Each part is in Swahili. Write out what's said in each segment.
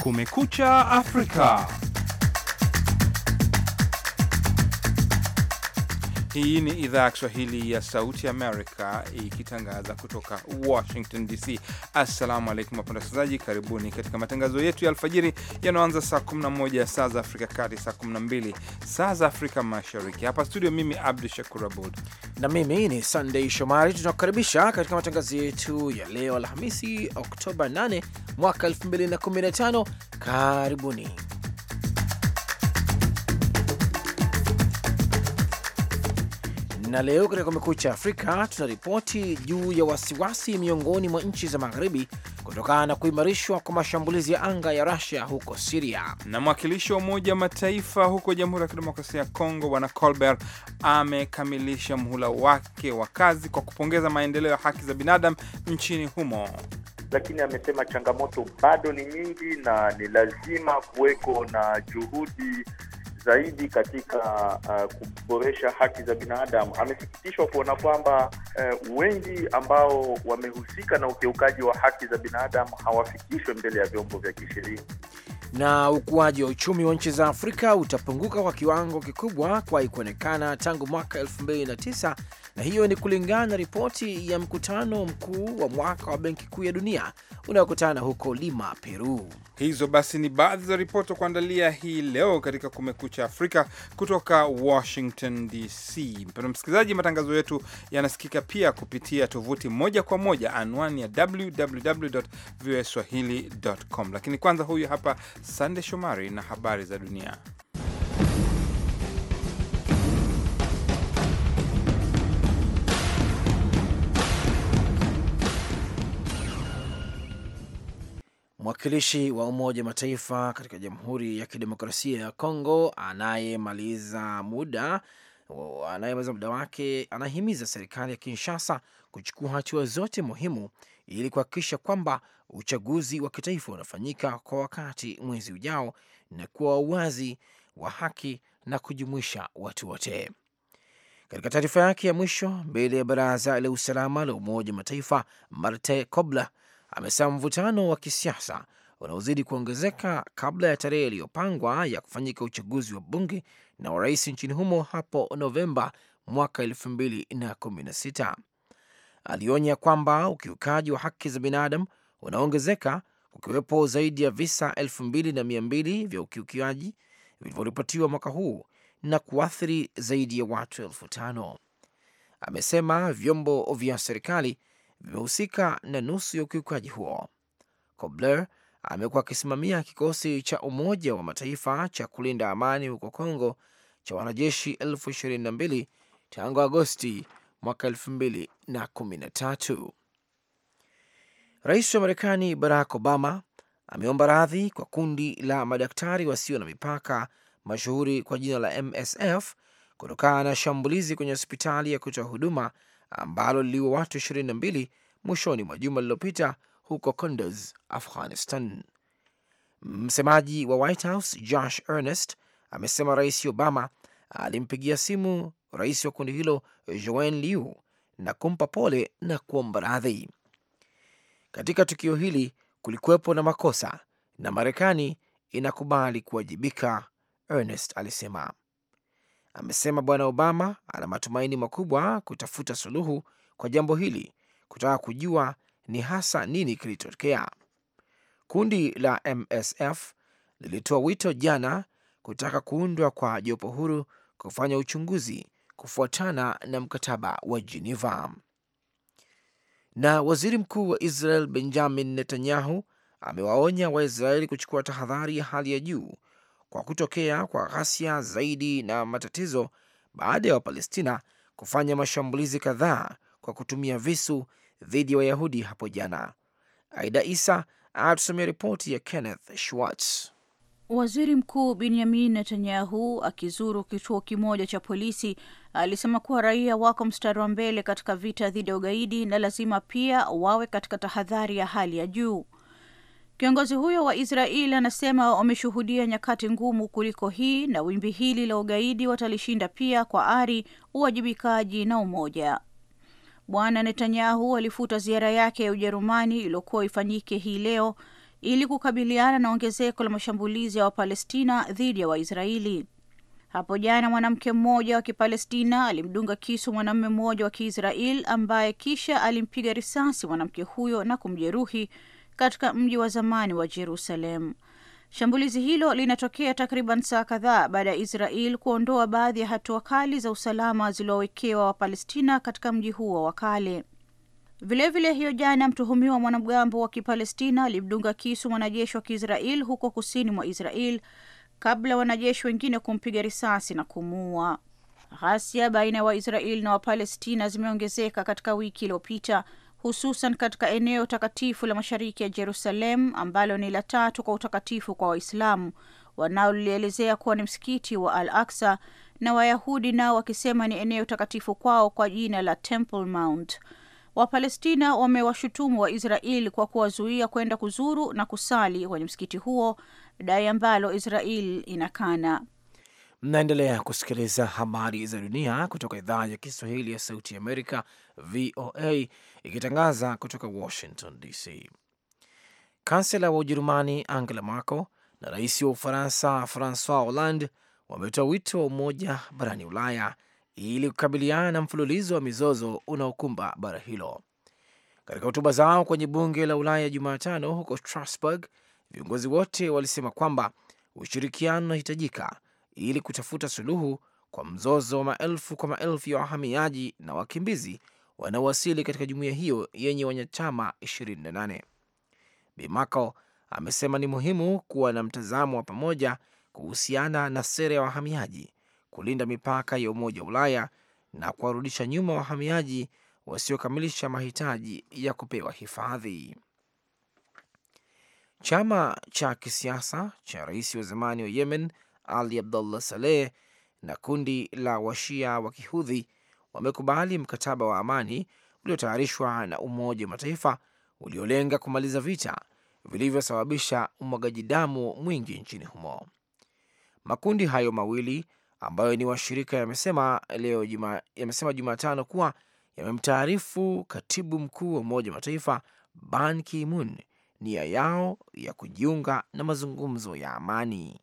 Kumekucha Afrika. Hii ni idhaa ya Kiswahili ya Sauti Amerika ikitangaza kutoka Washington DC. Assalamu alaikum wapenda wasikilizaji, karibuni katika matangazo yetu ya alfajiri yanayoanza saa 11 saa za Afrika Kati, saa 12 saa za Afrika Mashariki. Hapa studio, mimi Abdu Shakur Abud na mimi ni Sandei Shomari. Tunakukaribisha katika matangazo yetu ya leo Alhamisi, Oktoba 8 mwaka 2015. Karibuni. Na leo katika Kumekucha Afrika tunaripoti juu ya wasiwasi miongoni mwa nchi za magharibi kutokana na kuimarishwa kwa mashambulizi ya anga ya rusia huko Siria. Na mwakilishi wa Umoja wa Mataifa huko Jamhuri ya Kidemokrasia ya Kongo, Bwana Colbert amekamilisha mhula wake wa kazi kwa kupongeza maendeleo ya haki za binadamu nchini humo lakini amesema changamoto bado ni nyingi na ni lazima kuweko na juhudi zaidi katika uh, kuboresha haki za binadamu. Amesikitishwa kuona kwamba uh, wengi ambao wamehusika na ukiukaji wa haki za binadamu hawafikishwe mbele ya vyombo vya kisheria. Na ukuaji wa uchumi wa nchi za Afrika utapunguka kwa kiwango kikubwa kwa kuonekana tangu mwaka 2009 na hiyo ni kulingana na ripoti ya mkutano mkuu wa mwaka wa Benki Kuu ya Dunia unaokutana huko Lima, Peru. Hizo basi ni baadhi za ripoti kuandalia hii leo katika Kumekucha Afrika kutoka Washington DC. Mpendwa msikilizaji, matangazo yetu yanasikika pia kupitia tovuti moja kwa moja, anwani ya www www.voaswahili.com. Lakini kwanza, huyu hapa Sande Shomari na habari za dunia. Mwakilishi wa Umoja Mataifa katika Jamhuri ya Kidemokrasia ya Kongo anayemaliza muda anayemaliza muda wake anahimiza serikali ya Kinshasa kuchukua hatua zote muhimu ili kuhakikisha kwamba uchaguzi wa kitaifa unafanyika kwa wakati mwezi ujao na kuwa uwazi wa haki na kujumuisha watu wote. Katika taarifa yake ya mwisho mbele ya Baraza la Usalama la Umoja Mataifa, Marte Kobler amesema mvutano wa kisiasa unaozidi kuongezeka kabla ya tarehe iliyopangwa ya kufanyika uchaguzi wa bunge na urais nchini humo hapo Novemba mwaka 2016. Alionya kwamba ukiukaji wa haki za binadamu unaongezeka kukiwepo zaidi ya visa 2200 vya ukiukiaji vilivyoripotiwa mwaka huu na kuathiri zaidi ya watu elfu tano. Amesema vyombo vya serikali vimehusika na nusu ya ukiukaji huo. Kobler amekuwa akisimamia kikosi cha Umoja wa Mataifa cha kulinda amani huko Kongo cha wanajeshi elfu ishirini na mbili tangu Agosti mwaka elfu mbili na kumi na tatu. Rais wa Marekani Barack Obama ameomba radhi kwa kundi la madaktari wasio na mipaka mashuhuri kwa jina la MSF kutokana na shambulizi kwenye hospitali ya kutoa huduma ambalo liliwa watu 22 mwishoni mwa juma lililopita huko Kunduz, Afghanistan. Msemaji wa White House Josh Earnest amesema Rais Obama alimpigia simu rais wa kundi hilo Joanne Liu na kumpa pole na kuomba radhi. Katika tukio hili kulikuwepo na makosa na Marekani inakubali kuwajibika, Ernest alisema amesema Bwana Obama ana matumaini makubwa kutafuta suluhu kwa jambo hili, kutaka kujua ni hasa nini kilitokea. Kundi la MSF lilitoa wito jana kutaka kuundwa kwa jopo huru kufanya uchunguzi kufuatana na mkataba wa Geneva. Na waziri mkuu wa Israel Benjamin Netanyahu amewaonya Waisraeli kuchukua tahadhari ya hali ya juu kwa kutokea kwa ghasia zaidi na matatizo baada ya Wapalestina kufanya mashambulizi kadhaa kwa kutumia visu dhidi ya wa Wayahudi hapo jana. Aida Isa anatusomea ripoti ya Kenneth Schwartz. Waziri Mkuu Benyamin Netanyahu akizuru kituo kimoja cha polisi alisema kuwa raia wako mstari wa mbele katika vita dhidi ya ugaidi na lazima pia wawe katika tahadhari ya hali ya juu. Kiongozi huyo wa Israeli anasema wameshuhudia nyakati ngumu kuliko hii, na wimbi hili la ugaidi watalishinda pia kwa ari, uwajibikaji na umoja. Bwana Netanyahu alifuta ziara yake ya Ujerumani iliyokuwa ifanyike hii leo ili kukabiliana na ongezeko la mashambulizi ya Wapalestina dhidi ya Waisraeli. Hapo jana mwanamke mmoja wa Kipalestina alimdunga kisu mwanamume mmoja wa Kiisraeli ambaye kisha alimpiga risasi mwanamke huyo na kumjeruhi katika mji wa zamani wa Jerusalem. Shambulizi hilo linatokea takriban saa kadhaa baada ya Israel kuondoa baadhi ya hatua kali za usalama ziliowekewa Wapalestina katika mji huo wa kale. Vilevile hiyo jana, mtuhumiwa mwanamgambo wa Kipalestina alimdunga kisu mwanajeshi wa Kiisrael huko kusini mwa Israel kabla wanajeshi wengine kumpiga risasi na kumuua. Ghasia baina ya waisrael na Wapalestina zimeongezeka katika wiki iliyopita hususan katika eneo takatifu la mashariki ya Jerusalem ambalo ni la tatu kwa utakatifu kwa Waislamu wanaolielezea kuwa ni msikiti wa Al Aksa na Wayahudi nao wakisema ni eneo takatifu kwao kwa jina la Temple Mount. Wapalestina wamewashutumu wa israel kwa kuwazuia kwenda kuzuru na kusali kwenye msikiti huo, dai ambalo Israel inakana. Mnaendelea kusikiliza habari za dunia kutoka idhaa ya Kiswahili ya Sauti Amerika VOA ikitangaza kutoka Washington DC. Kansela wa Ujerumani Angela Merkel na rais wa Ufaransa Francois Hollande wametoa wito wa umoja barani Ulaya ili kukabiliana na mfululizo wa mizozo unaokumba bara hilo. Katika hotuba zao kwenye bunge la Ulaya Jumatano huko Strasbourg, viongozi wote walisema kwamba ushirikiano unahitajika ili kutafuta suluhu kwa mzozo wa maelfu kwa maelfu ya wahamiaji na wakimbizi wanaowasili katika jumuiya hiyo yenye wanachama 28. Bimako amesema ni muhimu kuwa na mtazamo wa pamoja kuhusiana na sera ya wahamiaji, kulinda mipaka ya Umoja wa Ulaya na kuwarudisha nyuma wahamiaji wasiokamilisha mahitaji ya kupewa hifadhi. Chama cha kisiasa cha rais wa zamani wa Yemen Ali Abdullah Saleh na kundi la washia wa kihudhi wamekubali mkataba wa amani uliotayarishwa na Umoja wa Mataifa uliolenga kumaliza vita vilivyosababisha umwagaji damu mwingi nchini humo. Makundi hayo mawili ambayo ni washirika yamesema leo juma, yamesema Jumatano kuwa yamemtaarifu katibu mkuu wa Umoja wa Mataifa Ban Ki-moon nia yao ya kujiunga na mazungumzo ya amani.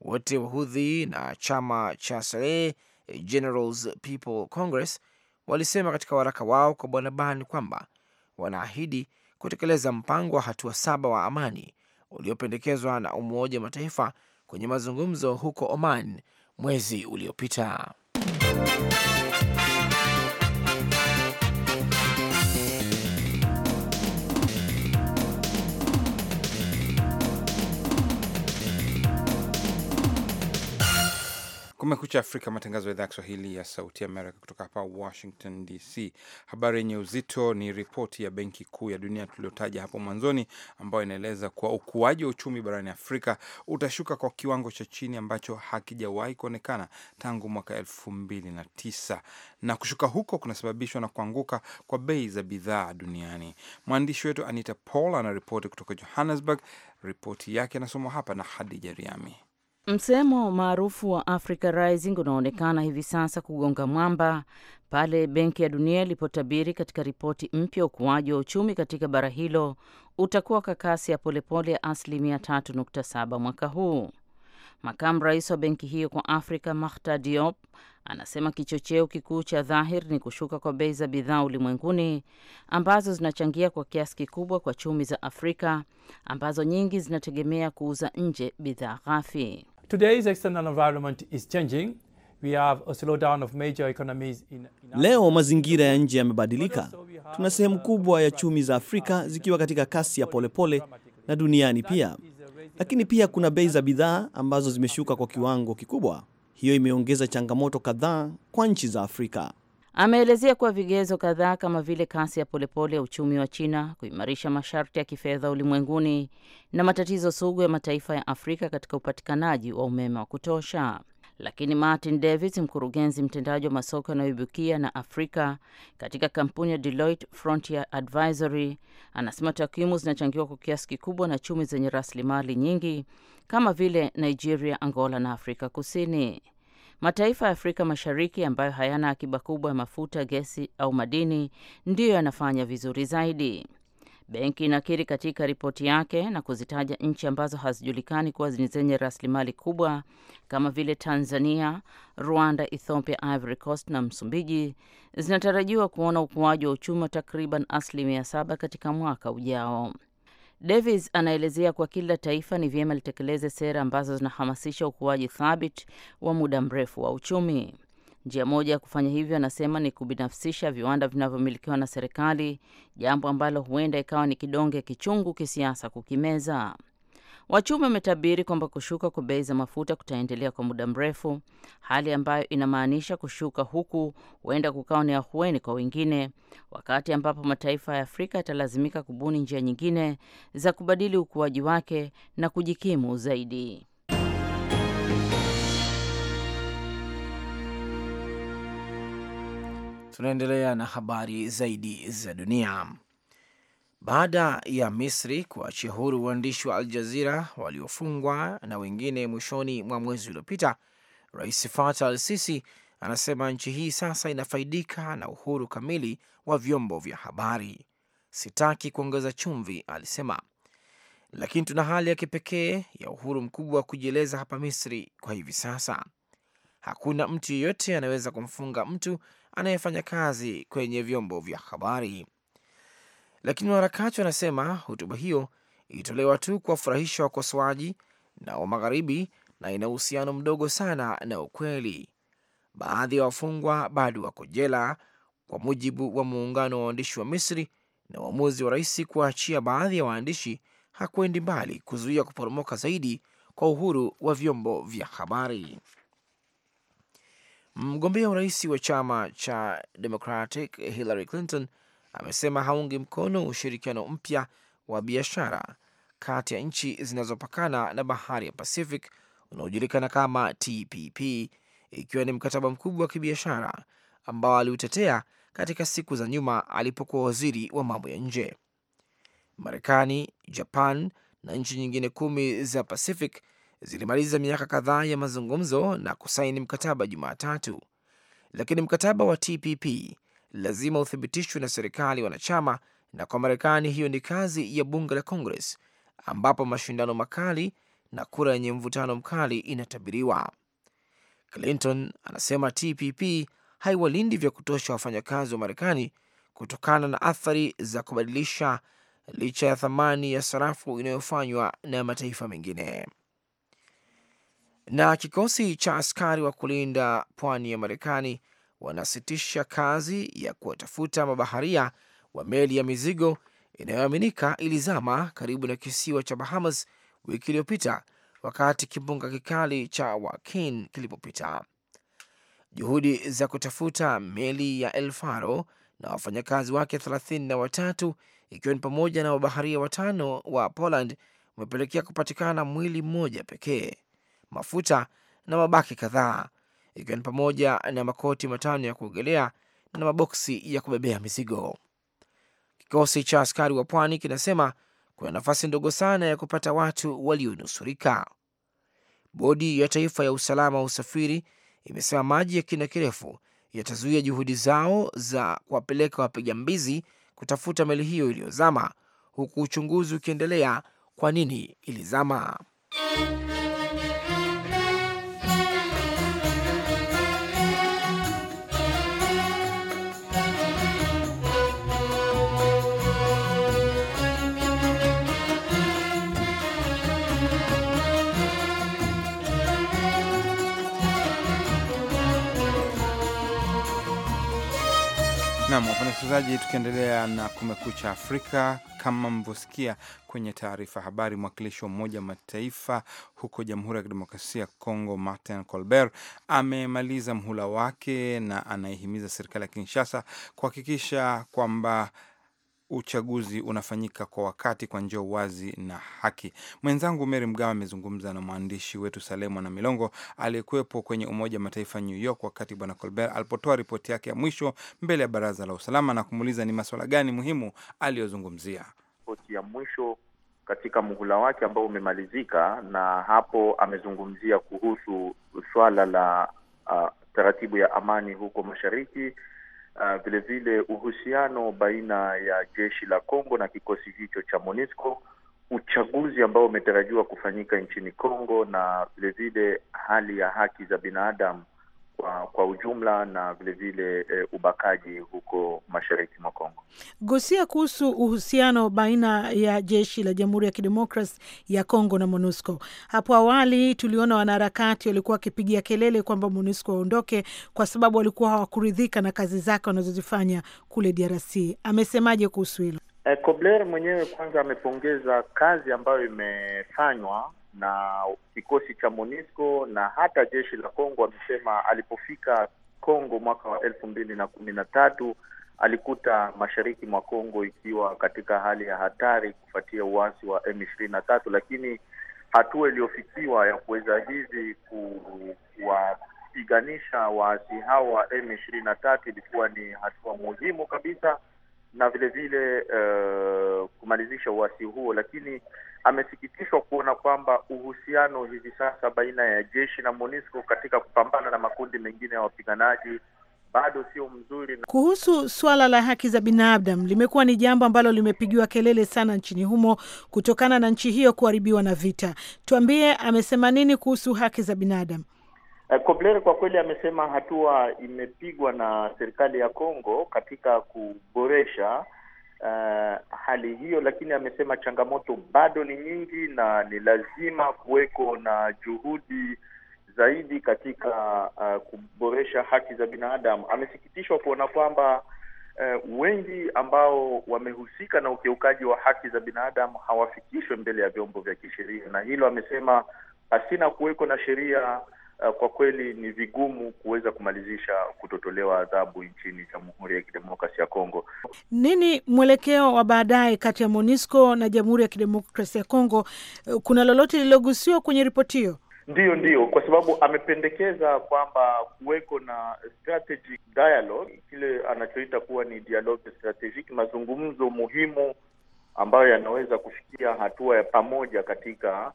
Wote Wahudhi na chama cha Saleh Generals People Congress walisema katika waraka wao kwa Bwana Ban kwamba wanaahidi kutekeleza mpango wa hatua saba wa amani uliopendekezwa na Umoja wa Mataifa kwenye mazungumzo huko Oman mwezi uliopita. Kumekucha Afrika, matangazo ya idhaa ya Kiswahili ya Sauti Amerika kutoka hapa Washington DC. Habari yenye uzito ni ripoti ya Benki Kuu ya Dunia tuliyotaja hapo mwanzoni, ambayo inaeleza kuwa ukuaji wa uchumi barani Afrika utashuka kwa kiwango cha chini ambacho hakijawahi kuonekana tangu mwaka elfu mbili na tisa, na kushuka huko kunasababishwa na kuanguka kwa bei za bidhaa duniani. Mwandishi wetu Anita Paul anaripoti kutoka Johannesburg. Ripoti yake inasomwa hapa na Hadija Riami. Msemo maarufu wa Africa Rising unaonekana hivi sasa kugonga mwamba pale Benki ya Dunia ilipotabiri katika ripoti mpya ukuaji wa uchumi katika bara hilo utakuwa kwa kasi ya polepole ya asilimia 3.7 mwaka huu. Makamu rais wa benki hiyo kwa Afrika, Makhtar Diop, anasema kichocheo kikuu cha dhahir ni kushuka kwa bei za bidhaa ulimwenguni ambazo zinachangia kwa kiasi kikubwa kwa chumi za Afrika ambazo nyingi zinategemea kuuza nje bidhaa ghafi. Today's external environment is changing. We have a slowdown of major economies in, in... Leo mazingira ya nje yamebadilika. Tuna sehemu kubwa ya chumi za Afrika zikiwa katika kasi ya polepole pole, na duniani pia. Lakini pia kuna bei za bidhaa ambazo zimeshuka kwa kiwango kikubwa. Hiyo imeongeza changamoto kadhaa kwa nchi za Afrika. Ameelezea kuwa vigezo kadhaa kama vile kasi ya polepole ya uchumi wa China, kuimarisha masharti ya kifedha ulimwenguni na matatizo sugu ya mataifa ya Afrika katika upatikanaji wa umeme wa kutosha. Lakini Martin Davis, mkurugenzi mtendaji wa masoko yanayoibukia na Afrika katika kampuni ya Deloitte Frontier Advisory, anasema takwimu zinachangiwa kwa kiasi kikubwa na chumi zenye rasilimali nyingi kama vile Nigeria, Angola na Afrika Kusini. Mataifa ya Afrika Mashariki ambayo hayana akiba kubwa ya mafuta, gesi au madini ndiyo yanafanya vizuri zaidi. Benki inakiri katika ripoti yake na kuzitaja nchi ambazo hazijulikani kuwa ni zenye rasilimali kubwa kama vile Tanzania, Rwanda, Ethiopia, Ivory Coast na Msumbiji zinatarajiwa kuona ukuaji wa uchumi wa takriban asilimia saba katika mwaka ujao. Davis anaelezea kwa kila taifa ni vyema litekeleze sera ambazo zinahamasisha ukuaji thabiti wa muda mrefu wa uchumi. Njia moja ya kufanya hivyo, anasema, ni kubinafsisha viwanda vinavyomilikiwa na serikali, jambo ambalo huenda ikawa ni kidonge kichungu kisiasa kukimeza. Wachumi wametabiri kwamba kushuka kwa bei za mafuta kutaendelea kwa muda mrefu, hali ambayo inamaanisha kushuka huku huenda kukawa ni ahueni kwa wengine, wakati ambapo mataifa ya Afrika yatalazimika kubuni njia nyingine za kubadili ukuaji wake na kujikimu zaidi. Tunaendelea na habari zaidi za dunia baada ya Misri kuachia huru waandishi wa Al Jazira waliofungwa na wengine mwishoni mwa mwezi uliopita. Rais Fatah Al Sisi anasema nchi hii sasa inafaidika na uhuru kamili wa vyombo vya habari. Sitaki kuongeza chumvi, alisema, lakini tuna hali ya kipekee ya uhuru mkubwa wa kujieleza hapa Misri kwa hivi sasa. Hakuna mtu yeyote anaweza kumfunga mtu anayefanya kazi kwenye vyombo vya habari lakini wanaharakati wanasema hotuba hiyo ilitolewa tu kuwafurahisha wakosoaji na wa magharibi na ina uhusiano mdogo sana na ukweli. Baadhi ya wa wafungwa bado wako jela, kwa mujibu wa muungano wa waandishi wa Misri, na uamuzi wa rais kuwaachia baadhi ya wa waandishi hakwendi mbali kuzuia kuporomoka zaidi kwa uhuru wa vyombo vya habari. Mgombea urais wa chama cha Democratic Hillary Clinton amesema haungi mkono ushirikiano mpya wa biashara kati ya nchi zinazopakana na bahari ya Pacific unaojulikana kama TPP, ikiwa ni mkataba mkubwa wa kibiashara ambao aliutetea katika siku za nyuma alipokuwa waziri wa mambo ya nje. Marekani, Japan na nchi nyingine kumi za Pacific zilimaliza miaka kadhaa ya mazungumzo na kusaini mkataba Jumatatu, lakini mkataba wa TPP lazima uthibitishwe na serikali wanachama, na kwa Marekani hiyo ni kazi ya bunge la Congress, ambapo mashindano makali na kura yenye mvutano mkali inatabiriwa. Clinton anasema TPP haiwalindi vya kutosha wafanyakazi wa Marekani kutokana na athari za kubadilisha licha ya thamani ya sarafu inayofanywa na mataifa mengine. Na kikosi cha askari wa kulinda pwani ya Marekani wanasitisha kazi ya kuwatafuta mabaharia wa meli ya mizigo inayoaminika ilizama karibu na kisiwa cha Bahamas wiki iliyopita wakati kimbunga kikali cha Joaquin kilipopita. Juhudi za kutafuta meli ya El Faro na wafanyakazi wake thelathini na watatu ikiwa ni pamoja na wabaharia watano wa Poland umepelekea kupatikana mwili mmoja pekee, mafuta na mabaki kadhaa ikiwa ni pamoja na makoti matano ya kuogelea na maboksi ya kubebea mizigo. Kikosi cha askari wa pwani kinasema kuna nafasi ndogo sana ya kupata watu walionusurika. Bodi ya Taifa ya Usalama wa Usafiri imesema maji ya kina kirefu yatazuia juhudi zao za kuwapeleka wapiga mbizi kutafuta meli hiyo iliyozama, huku uchunguzi ukiendelea kwa nini ilizama. Nam wapenda wasikilizaji, tukiendelea na Kumekucha Afrika, kama mlivyosikia kwenye taarifa habari, mwakilishi wa Umoja wa Mataifa huko Jamhuri ya Kidemokrasia ya Kongo, Martin Colbert amemaliza mhula wake na anaihimiza serikali ya Kinshasa kuhakikisha kwamba uchaguzi unafanyika kwa wakati kwa njia uwazi na haki. Mwenzangu mery Mgawe amezungumza na mwandishi wetu na milongo aliyekuwepo kwenye Umoja wa Mataifa New York wakati Bwana Colbert alipotoa ripoti yake ya mwisho mbele ya Baraza la Usalama na kumuuliza ni masuala gani muhimu aliyozungumzia. Ripoti ya mwisho katika muhula wake ambao umemalizika, na hapo amezungumzia kuhusu swala la uh, taratibu ya amani huko mashariki Vilevile ah, uh, uhusiano baina ya jeshi la Kongo na kikosi hicho cha MONUSCO, uchaguzi ambao umetarajiwa kufanyika nchini Kongo na vilevile hali ya haki za binadamu kwa, kwa ujumla na vilevile vile, e, ubakaji huko mashariki mwa Kongo. Gusia kuhusu uhusiano baina ya jeshi la Jamhuri ya Kidemokrasi ya Kongo na MONUSCO. Hapo awali tuliona wanaharakati walikuwa wakipigia kelele kwamba MONUSCO waondoke kwa sababu walikuwa hawakuridhika na kazi zake wanazozifanya kule DRC. Amesemaje kuhusu hilo? E, Kobler mwenyewe kwanza amepongeza kazi ambayo imefanywa na kikosi cha MONUSCO na hata jeshi la Kongo. Amesema alipofika Kongo mwaka wa elfu mbili na kumi na tatu alikuta mashariki mwa Kongo ikiwa katika hali ya hatari kufuatia uasi wa m ishirini na tatu lakini hatua iliyofikiwa ya kuweza hivi kuwapiganisha waasi hao wa m tatu ilikuwa ni hatua muhimu kabisa na vilevile vile, uh, kumalizisha uasi huo, lakini amesikitishwa kuona kwamba uhusiano hivi sasa baina ya jeshi na MONUSCO katika kupambana na makundi mengine ya wapiganaji bado sio mzuri. Na kuhusu swala la haki za binadamu, limekuwa ni jambo ambalo limepigiwa kelele sana nchini humo kutokana na nchi hiyo kuharibiwa na vita. Tuambie, amesema nini kuhusu haki za binadamu? Eh, Kobler kwa kweli amesema hatua imepigwa na serikali ya Kongo katika kuboresha uh, hali hiyo, lakini amesema changamoto bado ni nyingi na ni lazima kuweko na juhudi zaidi katika uh, kuboresha haki za binadamu. Amesikitishwa kuona kwamba uh, wengi ambao wamehusika na ukiukaji wa haki za binadamu hawafikishwe mbele ya vyombo vya kisheria, na hilo amesema pasina kuweko na sheria Eh, kwa kweli ni vigumu kuweza kumalizisha kutotolewa adhabu nchini Jamhuri ya Kidemokrasia ya Kongo. Nini mwelekeo wa baadaye kati ya MONUSCO na Jamhuri ya Kidemokrasia ya Kongo? Eh, kuna lolote lililogusiwa kwenye ripoti hiyo? Ndiyo, ndiyo, kwa sababu amependekeza kwamba kuweko na strategic dialogue, kile anachoita kuwa ni dialogue strategic, mazungumzo muhimu ambayo yanaweza kufikia hatua ya pamoja katika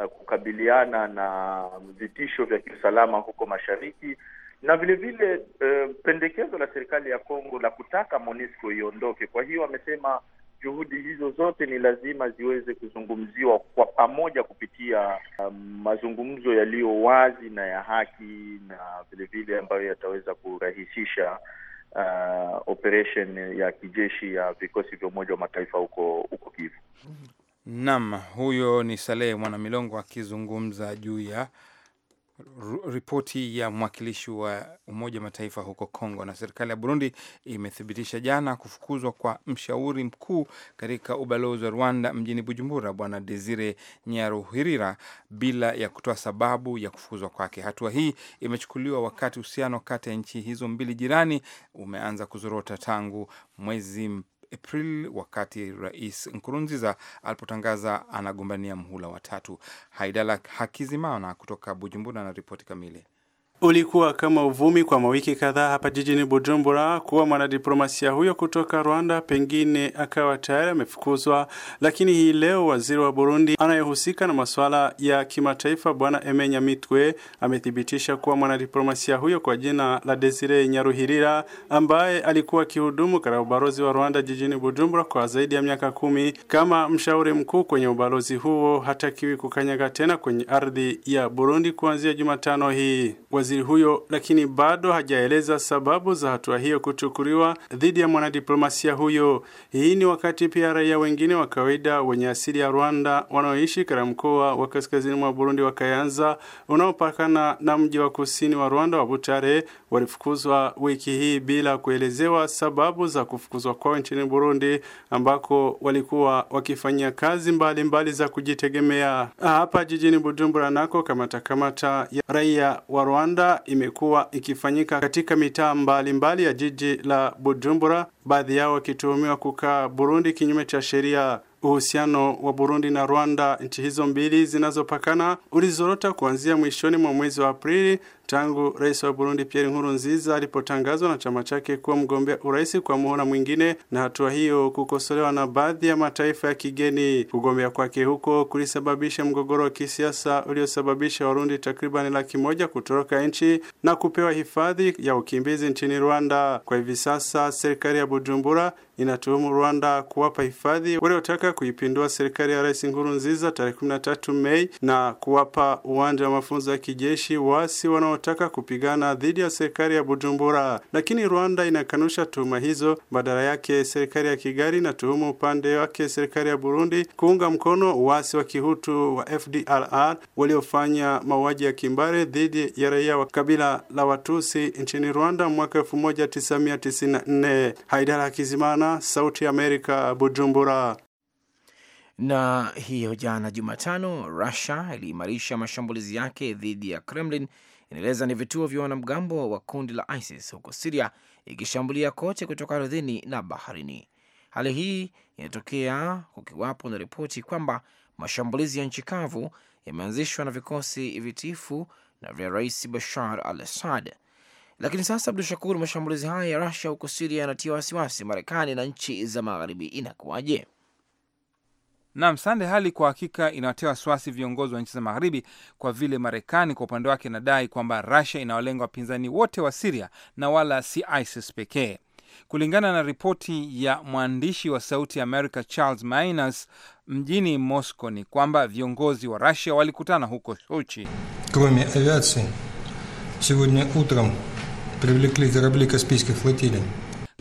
Eh, kukabiliana na vitisho vya kiusalama huko mashariki na vile vile eh, pendekezo la serikali ya Kongo la kutaka MONUSCO iondoke. Kwa hiyo amesema juhudi hizo zote ni lazima ziweze kuzungumziwa kwa pamoja kupitia um, mazungumzo yaliyo wazi na ya haki na vile vile ambayo yataweza kurahisisha uh, operation ya kijeshi ya vikosi vya Umoja wa Mataifa huko huko Kivu. Naam, huyo ni Saleh Mwanamilongo akizungumza juu ya ripoti ya mwakilishi wa Umoja Mataifa huko Kongo. Na serikali ya Burundi imethibitisha jana kufukuzwa kwa mshauri mkuu katika ubalozi wa Rwanda mjini Bujumbura, Bwana Desire Nyaruhirira bila ya kutoa sababu ya kufukuzwa kwake. Hatua hii imechukuliwa wakati uhusiano kati ya nchi hizo mbili jirani umeanza kuzorota tangu mwezi april wakati Rais Nkurunziza alipotangaza anagombania mhula watatu. Haidala Hakizimana kutoka Bujumbura na ripoti kamili. Ulikuwa kama uvumi kwa mawiki kadhaa hapa jijini Bujumbura kuwa mwanadiplomasia huyo kutoka Rwanda pengine akawa tayari amefukuzwa, lakini hii leo waziri wa Burundi anayehusika na masuala ya kimataifa Bwana emenya Nyamitwe amethibitisha kuwa mwanadiplomasia huyo kwa jina la Desire Nyaruhirira ambaye alikuwa akihudumu katika ubalozi wa Rwanda jijini Bujumbura kwa zaidi ya miaka kumi kama mshauri mkuu kwenye ubalozi huo hatakiwi kukanyaga tena kwenye ardhi ya Burundi kuanzia Jumatano hii waziri huyo, lakini bado hajaeleza sababu za hatua hiyo kuchukuliwa dhidi ya mwanadiplomasia huyo. Hii ni wakati pia raia wengine wa kawaida wenye asili ya Rwanda wanaoishi katika mkoa wa kaskazini mwa Burundi wa Kayanza unaopakana na mji wa kusini wa Rwanda wa Butare walifukuzwa wiki hii bila kuelezewa sababu za kufukuzwa kwao nchini Burundi ambako walikuwa wakifanyia kazi mbalimbali mbali za kujitegemea. Hapa jijini Bujumbura nako kamatakamata kamata ya raia wa Rwanda Rwanda imekuwa ikifanyika katika mitaa mbalimbali ya jiji la Bujumbura, baadhi yao wakituhumiwa kukaa Burundi kinyume cha sheria. Uhusiano wa Burundi na Rwanda, nchi hizo mbili zinazopakana, ulizorota kuanzia mwishoni mwa mwezi wa Aprili tangu rais wa Burundi Pierre Nkurunziza alipotangazwa na chama chake kuwa mgombea urais kwa muhula mwingine, na hatua hiyo kukosolewa na baadhi ya mataifa ya kigeni. Kugombea kwake huko kulisababisha mgogoro wa kisiasa uliosababisha Warundi takribani laki moja kutoroka nchi na kupewa hifadhi ya ukimbizi nchini Rwanda. Kwa hivi sasa serikali ya Bujumbura inatuhumu Rwanda kuwapa hifadhi waliotaka kuipindua serikali ya Rais Nkurunziza tarehe 13 Mei na kuwapa uwanja wa mafunzo ya kijeshi waasi wanaotaka kupigana dhidi ya serikali ya Bujumbura, lakini Rwanda inakanusha tuhuma hizo. Badala yake, serikali ya Kigali inatuhumu upande wake serikali ya Burundi kuunga mkono uasi wa kihutu wa FDLR waliofanya mauaji ya kimbare dhidi ya raia wa kabila la Watusi nchini Rwanda mwaka 1994. Haidara Kizimana Mpelelelana, Sauti ya Amerika, Bujumbura. Na hiyo jana Jumatano, Rusia iliimarisha mashambulizi yake dhidi ya Kremlin, inaeleza ni vituo vya wanamgambo wa kundi la ISIS huko Siria, ikishambulia kote kutoka ardhini na baharini. Hali hii inatokea kukiwapo na ripoti kwamba mashambulizi ya nchi kavu yameanzishwa na vikosi vitifu na vya Rais Bashar al Assad lakini sasa, Abdu Shakur, mashambulizi haya ya Rusia huko Siria yanatia wasiwasi Marekani na nchi za Magharibi. Inakuwaje? Nam Sande, hali kwa hakika inawatia wasiwasi viongozi wa nchi za Magharibi kwa vile Marekani kwa upande wake inadai kwamba Rusia inawalenga wapinzani wote wa Siria na wala si ISIS pekee. Kulingana na ripoti ya mwandishi wa Sauti ya America Charles Minus mjini Moscow ni kwamba viongozi wa Rusia walikutana huko Sochi. krome aviatsii sevodnya utram привлекли корабли Каспийской флотилии.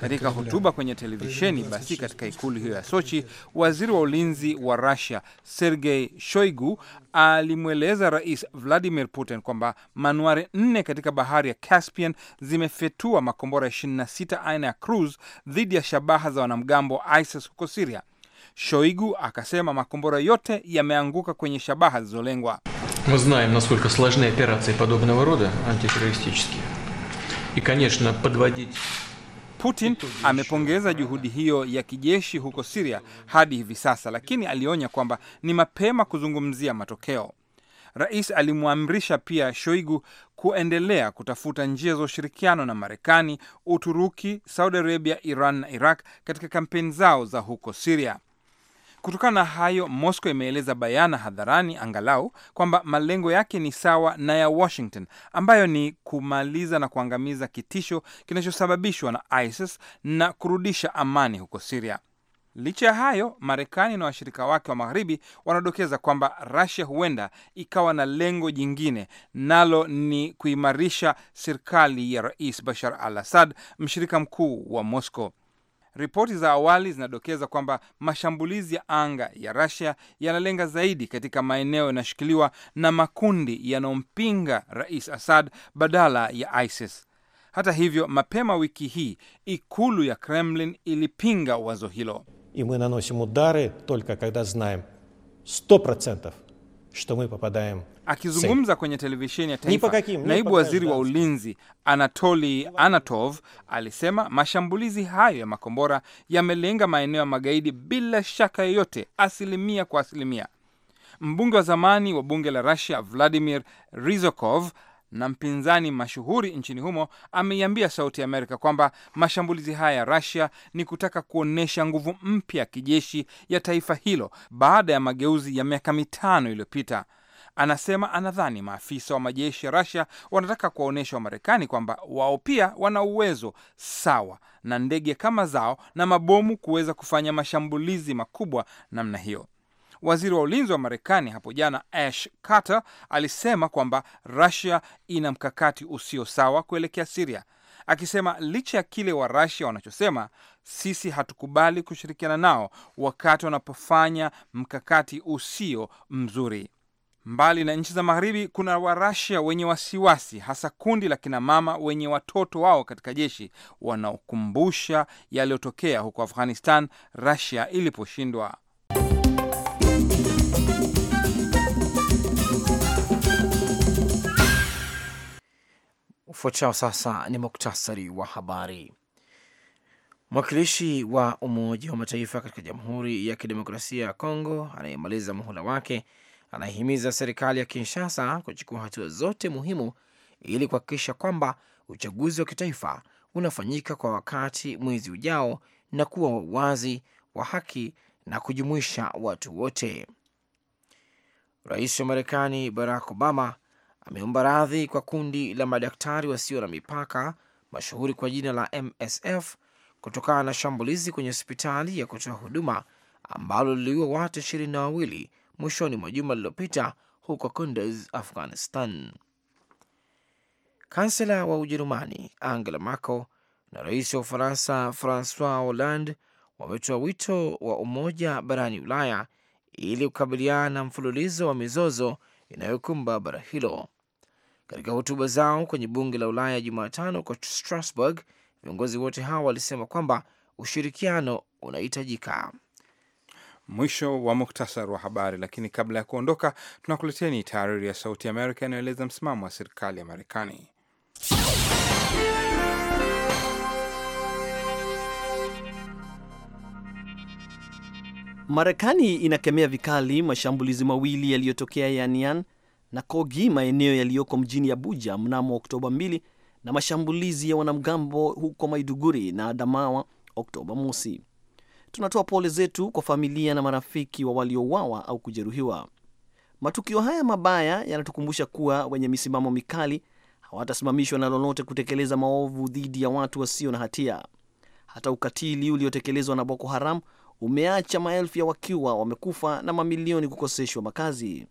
Katika hotuba kwenye televisheni basi katika ikulu hiyo ya Sochi, waziri wa ulinzi wa Russia Sergei Shoigu alimweleza Rais Vladimir Putin kwamba manuari nne katika bahari ya Caspian zimefetua makombora 26 aina ya cruise dhidi ya shabaha za wanamgambo ISIS huko Siria. Shoigu akasema makombora yote yameanguka kwenye shabaha zilizolengwa. Мы знаем, насколько сложны операции подобного рода антитеррористические. Putin amepongeza juhudi hiyo ya kijeshi huko Siria hadi hivi sasa, lakini alionya kwamba ni mapema kuzungumzia matokeo. Rais alimwamrisha pia Shoigu kuendelea kutafuta njia za ushirikiano na Marekani, Uturuki, Saudi Arabia, Iran na Iraq katika kampeni zao za huko Siria. Kutokana na hayo, Moscow imeeleza bayana hadharani angalau kwamba malengo yake ni sawa na ya Washington, ambayo ni kumaliza na kuangamiza kitisho kinachosababishwa na ISIS na kurudisha amani huko Siria. Licha ya hayo, Marekani na washirika wake wa magharibi wanadokeza kwamba rasia huenda ikawa na lengo jingine, nalo ni kuimarisha serikali ya Rais Bashar al Assad, mshirika mkuu wa Moscow. Ripoti za awali zinadokeza kwamba mashambulizi ya anga ya Russia yanalenga zaidi katika maeneo yanayoshikiliwa na makundi yanayompinga Rais Assad badala ya ISIS. Hata hivyo, mapema wiki hii ikulu ya Kremlin ilipinga wazo hilo. i my nanosim udary tolka kada znaem 100 что мы попадаем. Akizungumza kwenye televisheni ya taifa, naibu waziri wa ulinzi Anatoli Anatov alisema mashambulizi hayo ya makombora yamelenga maeneo ya magaidi bila shaka yoyote, asilimia kwa asilimia. Mbunge wa zamani wa bunge la rasia Vladimir Rizokov na mpinzani mashuhuri nchini humo ameiambia Sauti ya Amerika kwamba mashambulizi haya ya rasia ni kutaka kuonyesha nguvu mpya ya kijeshi ya taifa hilo baada ya mageuzi ya miaka mitano iliyopita. Anasema anadhani maafisa wa majeshi ya rasia wanataka kuwaonyesha Wamarekani kwamba wao pia wana uwezo sawa na ndege kama zao na mabomu kuweza kufanya mashambulizi makubwa namna hiyo. Waziri wa ulinzi wa Marekani hapo jana Ash Carter alisema kwamba Rusia ina mkakati usio sawa kuelekea Siria, akisema licha ya kile wa Rusia wanachosema, sisi hatukubali kushirikiana nao wakati wanapofanya mkakati usio mzuri. Mbali na nchi za Magharibi, kuna Warusia wenye wasiwasi, hasa kundi la kinamama wenye watoto wao katika jeshi, wanaokumbusha yaliyotokea huko Afghanistan Rusia iliposhindwa. Ufuatao sasa ni muktasari wa habari. Mwakilishi wa Umoja wa Mataifa katika Jamhuri ya Kidemokrasia ya Kongo anayemaliza muhula wake anahimiza serikali ya Kinshasa kuchukua hatua zote muhimu ili kuhakikisha kwamba uchaguzi wa kitaifa unafanyika kwa wakati mwezi ujao na kuwa wa uwazi, wa haki na kujumuisha watu wote. Rais wa Marekani Barack Obama ameomba radhi kwa kundi la madaktari wasio na mipaka mashuhuri kwa jina la MSF kutokana na shambulizi kwenye hospitali ya kutoa huduma ambalo liliua watu ishirini na wawili mwishoni mwa juma lililopita huko Kunduz, Afghanistan. Kansela wa Ujerumani Angela Merkel na rais wa Ufaransa Francois Hollande wametoa wito wa umoja barani Ulaya ili kukabiliana na mfululizo wa mizozo inayokumba bara hilo. Katika hotuba zao kwenye bunge la Ulaya Jumatano kwa Strasbourg, viongozi wote hao walisema kwamba ushirikiano unahitajika. Mwisho wa muktasar wa habari. Lakini kabla ya kuondoka, tunakuleteni tahariri ya Sauti Amerika inayoeleza msimamo wa serikali ya Marekani. Marekani inakemea vikali mashambulizi mawili yaliyotokea ya na Kogi, maeneo yaliyoko mjini Abuja mnamo Oktoba 2 na mashambulizi ya wanamgambo huko Maiduguri na Adamawa Oktoba mosi. Tunatoa pole zetu kwa familia na marafiki wa waliouawa au kujeruhiwa. Matukio haya mabaya yanatukumbusha kuwa wenye misimamo mikali hawatasimamishwa na lolote kutekeleza maovu dhidi ya watu wasio na hatia. Hata ukatili uliotekelezwa na Boko Haram umeacha maelfu ya wakiwa wamekufa na mamilioni kukoseshwa makazi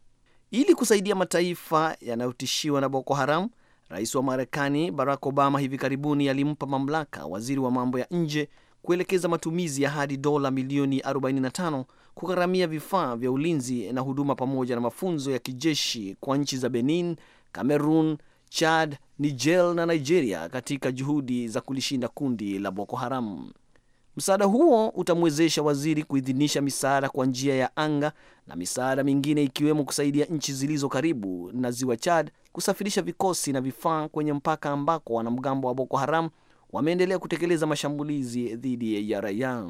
ili kusaidia mataifa yanayotishiwa na Boko Haram. Rais wa Marekani Barack Obama hivi karibuni alimpa mamlaka waziri wa mambo ya nje kuelekeza matumizi ya hadi dola milioni 45 kugharamia vifaa vya ulinzi na huduma pamoja na mafunzo ya kijeshi kwa nchi za Benin, Cameroon, Chad, Niger na Nigeria katika juhudi za kulishinda kundi la Boko Haram. Msaada huo utamwezesha waziri kuidhinisha misaada kwa njia ya anga na misaada mingine ikiwemo kusaidia nchi zilizo karibu na ziwa Chad kusafirisha vikosi na vifaa kwenye mpaka ambako wanamgambo wa Boko Haram wameendelea kutekeleza mashambulizi dhidi ya raia.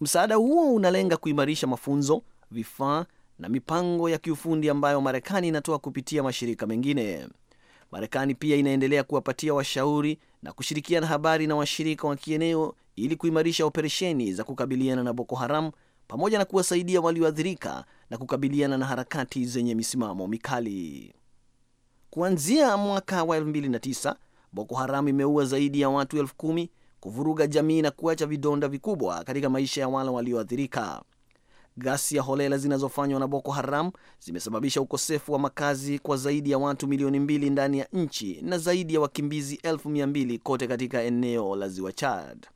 Msaada huo unalenga kuimarisha mafunzo, vifaa na mipango ya kiufundi ambayo Marekani inatoa kupitia mashirika mengine. Marekani pia inaendelea kuwapatia washauri na kushirikiana habari na washirika wa kieneo ili kuimarisha operesheni za kukabiliana na Boko Haram pamoja na kuwasaidia walioathirika na kukabiliana na harakati zenye misimamo mikali. Kuanzia mwaka wa 2009 Boko Haram imeua zaidi ya watu elfu kumi kuvuruga jamii na kuacha vidonda vikubwa katika maisha ya wale walioathirika. Ghasia holela zinazofanywa na Boko Haram zimesababisha ukosefu wa makazi kwa zaidi ya watu milioni mbili ndani ya nchi na zaidi ya wakimbizi elfu mia mbili kote katika eneo la ziwa Chad.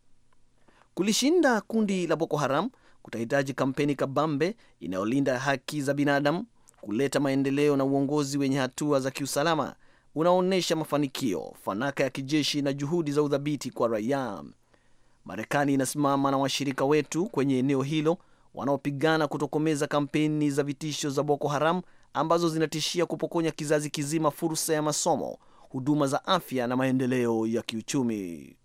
Kulishinda kundi la Boko Haram kutahitaji kampeni kabambe inayolinda haki za binadamu, kuleta maendeleo na uongozi wenye hatua za kiusalama unaonyesha mafanikio, fanaka ya kijeshi na juhudi za udhabiti kwa raia. Marekani inasimama na washirika wetu kwenye eneo hilo wanaopigana kutokomeza kampeni za vitisho za Boko Haram ambazo zinatishia kupokonya kizazi kizima fursa ya masomo, huduma za afya na maendeleo ya kiuchumi.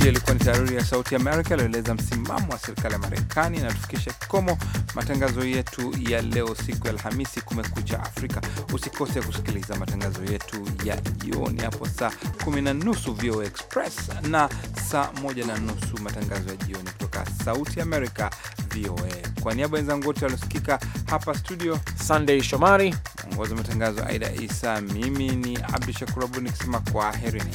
Hiyo ilikuwa ni tahariri ya Sauti Amerika alioeleza msimamo wa serikali ya Marekani. Inatufikisha kikomo matangazo yetu ya leo, siku ya Alhamisi, Kumekucha Afrika. Usikose kusikiliza matangazo yetu ya jioni hapo saa kumi na nusu VOA Express na saa moja na nusu matangazo ya jioni kutoka Sauti Amerika VOA. Kwa niaba wenzangu wote waliosikika hapa studio, Sunday Shomari mwongozi wa matangazo, Aida Isa, mimi ni Abdu Shakur Abu nikisema kwa kwaherini.